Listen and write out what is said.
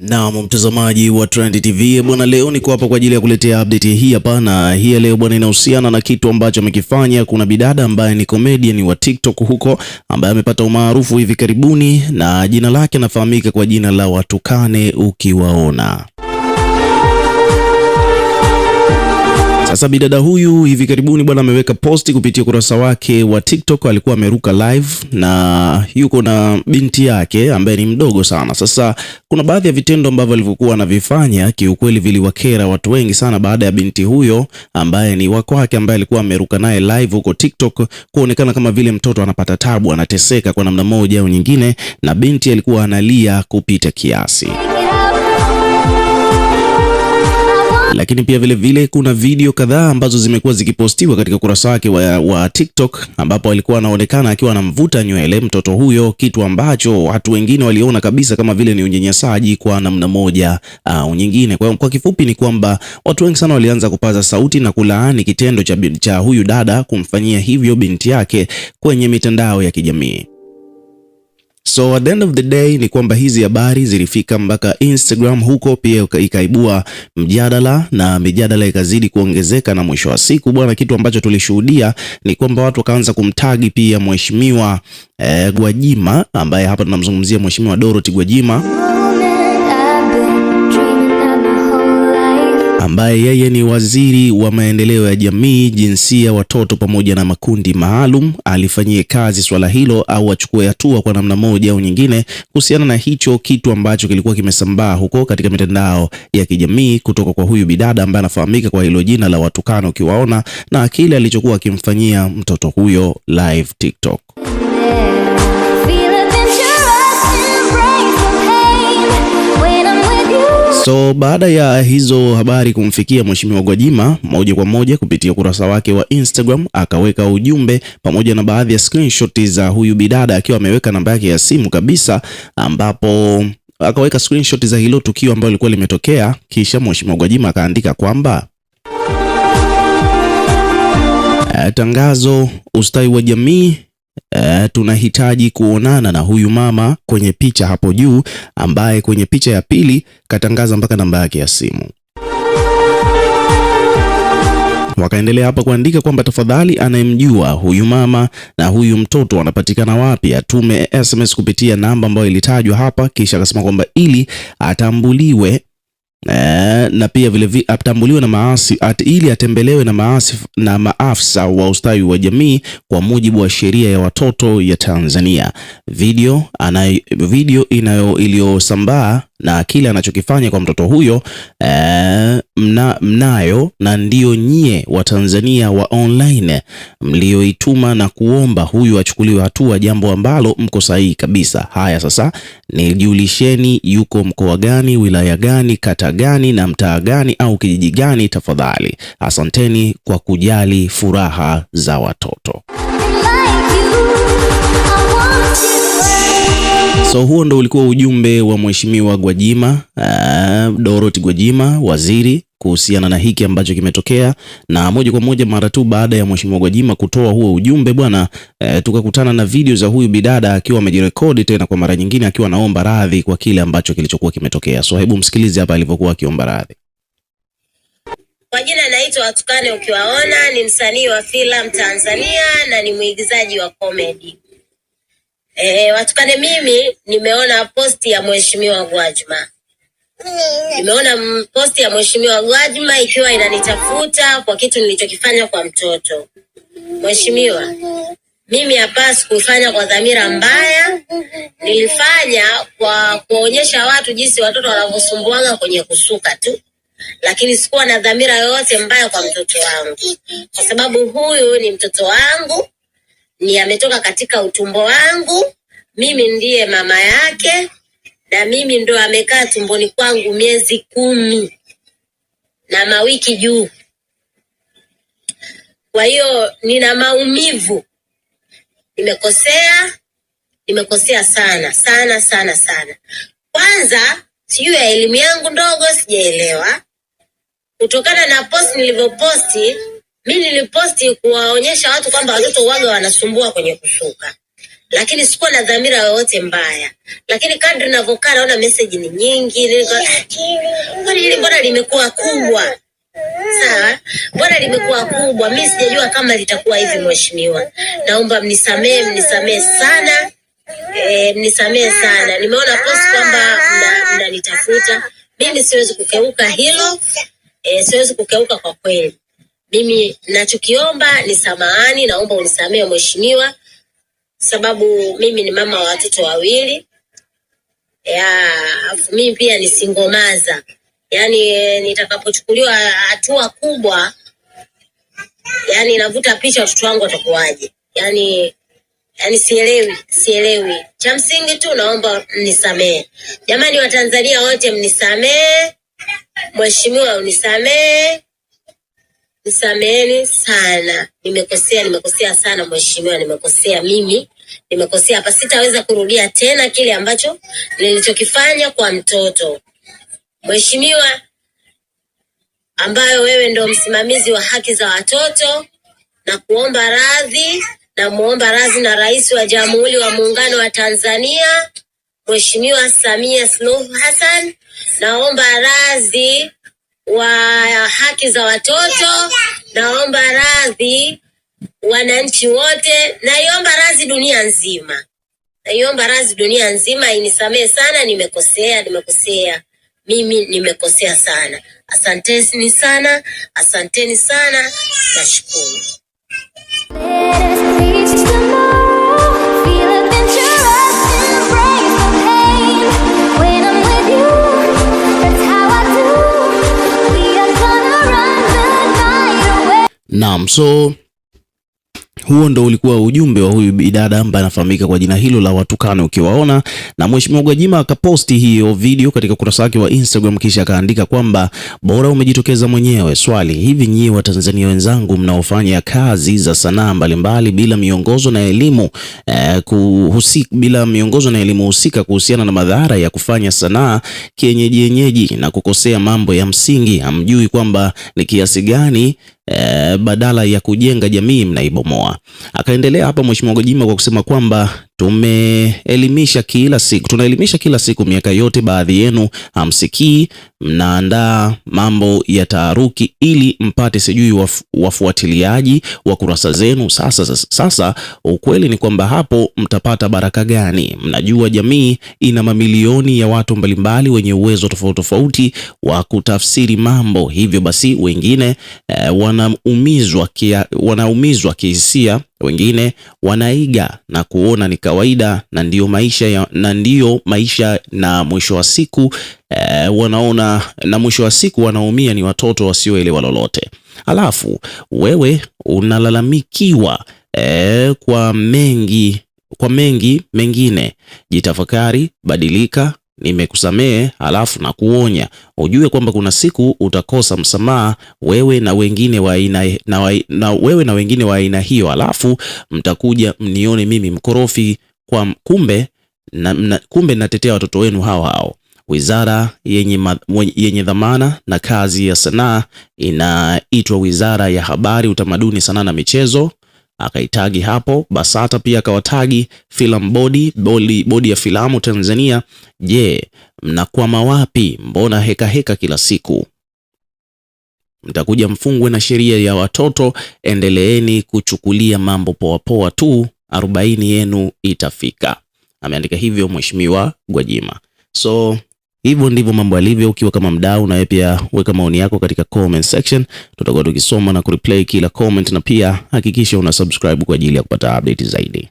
Naam, mtazamaji wa Trend TV bwana, leo niko hapa kwa ajili ya kuletea update hii hapa, na hii leo bwana, inahusiana na kitu ambacho amekifanya. Kuna bidada ambaye ni comedian wa TikTok huko ambaye amepata umaarufu hivi karibuni, na jina lake nafahamika kwa jina la Watukane Ukiwaona. Sasa bidada huyu hivi karibuni bwana ameweka posti kupitia ukurasa wake wa TikTok, alikuwa ameruka live na yuko na binti yake ambaye ni mdogo sana. Sasa kuna baadhi ya vitendo ambavyo alivyokuwa anavifanya kiukweli viliwakera watu wengi sana, baada ya binti huyo ambaye ni wako wake ambaye alikuwa ameruka naye live huko TikTok kuonekana kama vile mtoto anapata tabu, anateseka kwa namna moja au nyingine, na binti alikuwa analia kupita kiasi. Lakini pia vile vile kuna video kadhaa ambazo zimekuwa zikipostiwa katika ukurasa wake wa, wa TikTok ambapo alikuwa anaonekana akiwa anamvuta nywele mtoto huyo, kitu ambacho watu wengine waliona kabisa kama vile ni unyanyasaji kwa namna moja ah, au nyingine. Kwa, kwa kifupi ni kwamba watu wengi sana walianza kupaza sauti na kulaani kitendo cha, cha huyu dada kumfanyia hivyo binti yake kwenye mitandao ya kijamii. So at the end of the day ni kwamba hizi habari zilifika mpaka Instagram huko, pia ikaibua mjadala na mijadala ikazidi kuongezeka, na mwisho wa siku bwana, kitu ambacho tulishuhudia ni kwamba watu wakaanza kumtagi pia mheshimiwa eh, Gwajima ambaye hapa tunamzungumzia mheshimiwa Dorothy Gwajima ambaye yeye ni waziri wa maendeleo ya jamii, jinsia, watoto pamoja na makundi maalum, alifanyie kazi swala hilo au achukue hatua kwa namna moja au nyingine kuhusiana na hicho kitu ambacho kilikuwa kimesambaa huko katika mitandao ya kijamii kutoka kwa huyu bidada ambaye anafahamika kwa hilo jina la watukano ukiwaona, na kile alichokuwa akimfanyia mtoto huyo live TikTok. So baada ya hizo habari kumfikia Mheshimiwa Gwajima moja kwa moja kupitia ukurasa wake wa Instagram akaweka ujumbe pamoja na baadhi ya screenshot za huyu bidada akiwa ameweka namba yake ya simu kabisa, ambapo akaweka screenshot za hilo tukio ambalo lilikuwa limetokea. Kisha Mheshimiwa Gwajima akaandika kwamba eh, tangazo, ustawi wa jamii e, tunahitaji kuonana na huyu mama kwenye picha hapo juu, ambaye kwenye picha ya pili katangaza mpaka namba yake ya simu. Wakaendelea hapa kuandika kwamba tafadhali, anayemjua huyu mama na huyu mtoto wanapatikana wapi, atume SMS kupitia namba ambayo ilitajwa hapa. Kisha akasema kwamba ili atambuliwe E, na pia vile atambuliwe na maasi at, ili atembelewe na maasi, na maafisa wa ustawi wa jamii kwa mujibu wa sheria ya watoto ya Tanzania. Video, anayo, video iliyosambaa na kile anachokifanya kwa mtoto huyo ee, mna, mnayo na ndiyo nyie Watanzania wa online mlioituma na kuomba huyu achukuliwe hatua, jambo ambalo mko sahihi kabisa. Haya sasa, nijulisheni yuko mkoa gani, wilaya gani, kata gani na mtaa gani au kijiji gani tafadhali. Asanteni kwa kujali furaha za watoto. So huo ndo ulikuwa ujumbe wa Mheshimiwa Gwajima uh, Dorothy Gwajima waziri kuhusiana na hiki ambacho kimetokea, na moja kwa moja mara tu baada ya Mheshimiwa Gwajima kutoa huo ujumbe bwana, e, tukakutana na video za huyu bidada akiwa amejirekodi tena kwa mara nyingine akiwa anaomba radhi kwa kile ambacho kilichokuwa kimetokea. So hebu msikilize hapa alivyokuwa akiomba radhi. Kwa jina naitwa Watukane Ukiwaona, ni msanii wa filamu Tanzania na ni mwigizaji wa comedy. E, eh, eh, watukane, mimi nimeona posti ya mheshimiwa gwajma nimeona posti ya mheshimiwa Gwajima ikiwa inanitafuta kwa kitu nilichokifanya kwa mtoto. Mheshimiwa, mimi hapa sikufanya kwa dhamira mbaya, nilifanya kwa kuonyesha watu jinsi watoto wanavyosumbuanga kwenye kusuka tu, lakini sikuwa na dhamira yoyote mbaya kwa mtoto wangu, kwa sababu huyu ni mtoto wangu ametoka katika utumbo wangu, mimi ndiye mama yake, na mimi ndo amekaa tumboni kwangu miezi kumi na mawiki juu. Kwa hiyo nina maumivu, nimekosea, nimekosea sana sana sana sana. Kwanza sijui ya elimu yangu ndogo sijaelewa, kutokana na post nilivyoposti mi niliposti kuwaonyesha watu kwamba watoto waga wanasumbua kwenye kushuka, lakini sikuwa na dhamira yoyote mbaya, lakini kadri ninavyokaa naona meseji ni nyingi, kwani hili mbona limekuwa kubwa? Sawa, mbona limekuwa kubwa? Mi sijajua kama litakuwa hivi. Mheshimiwa, naomba mnisamee, mnisamee sana e, eh, mnisamee sana. Nimeona post kwamba mnanitafuta, mna mimi siwezi kukeuka hilo e, siwezi kukeuka kwa kweli. Mimi nachokiomba ni samahani, naomba unisamehe mheshimiwa, sababu mimi ni mama wa watoto wawili ya mimi pia ni singomaza, yaani nitakapochukuliwa hatua kubwa, yani navuta picha watoto wangu watakuwaje? Yani, yani sielewi, sielewi. Cha msingi tu naomba mnisamehe jamani, Watanzania wote mnisamehe, mheshimiwa unisamehe nisameheni sana, nimekosea, nimekosea sana mheshimiwa, nimekosea mimi, nimekosea hapa. Sitaweza kurudia tena kile ambacho nilichokifanya kwa mtoto mheshimiwa, ambayo wewe ndio msimamizi wa haki za watoto, na kuomba radhi na muomba radhi na Rais wa Jamhuri wa Muungano wa Tanzania Mheshimiwa Samia Suluhu Hassan, naomba radhi wa haki za watoto. Naomba radhi wananchi wote, naiomba radhi dunia nzima, naiomba radhi dunia nzima, inisamehe sana, nimekosea, nimekosea mimi nimekosea sana. Asanteni sana, asanteni sana, nashukuru. Naam, so huo ndo ulikuwa ujumbe wa huyu bidada ambaye anafahamika kwa jina hilo la Watukane ukiwaona. Na mheshimiwa Gwajima akaposti hiyo video katika ukurasa wake wa Instagram, kisha akaandika kwamba bora umejitokeza mwenyewe. Swali, hivi nyie Watanzania wenzangu mnaofanya kazi za sanaa mbalimbali bila miongozo na elimu eh, kuhusika, bila miongozo na elimu husika kuhusiana na madhara ya kufanya sanaa kienyeji yenyeji na kukosea mambo ya msingi, hamjui kwamba ni kiasi gani Eh, badala ya kujenga jamii mnaibomoa. Akaendelea hapa Mheshimiwa Gwajima kwa kusema kwamba tumeelimisha kila siku, tunaelimisha kila siku, miaka yote. Baadhi yenu hamsikii, mnaandaa mambo ya taharuki ili mpate sijui waf, wafuatiliaji wa kurasa zenu. Sasa, sasa, sasa ukweli ni kwamba hapo mtapata baraka gani? Mnajua jamii ina mamilioni ya watu mbalimbali wenye uwezo tofauti tofauti wa kutafsiri mambo, hivyo basi wengine eh, wanaumizwa kia, wanaumizwa kihisia wengine wanaiga na kuona ni kawaida na ndiyo maisha ya, na ndiyo maisha na mwisho wa siku e, wanaona na mwisho wa siku wanaumia ni watoto wasioelewa lolote. Alafu wewe unalalamikiwa e, kwa mengi kwa mengi mengine. Jitafakari, badilika, nimekusamehe, halafu na kuonya ujue kwamba kuna siku utakosa msamaha wewe na wengine wa aina na, wa, na wewe na wengine wa aina hiyo, halafu mtakuja mnione mimi mkorofi kwa kumbe na, na, kumbe natetea watoto wenu hao hao. Wizara yenye, ma, yenye dhamana na kazi ya sanaa inaitwa Wizara ya Habari, Utamaduni, Sanaa na Michezo akaitagi hapo. Basata pia akawatagi filamu bodi, bodi ya filamu Tanzania. Je, mnakwama wapi? Mbona heka heka kila siku? Mtakuja mfungwe na sheria ya watoto. Endeleeni kuchukulia mambo poapoa tu, arobaini yenu itafika. Ameandika hivyo Mheshimiwa Gwajima so Hivyo ndivyo mambo yalivyo. Ukiwa kama mdau, na wewe pia weka maoni yako katika comment section, tutakuwa tukisoma na kureplay kila comment, na pia hakikisha una subscribe kwa ajili ya kupata update zaidi.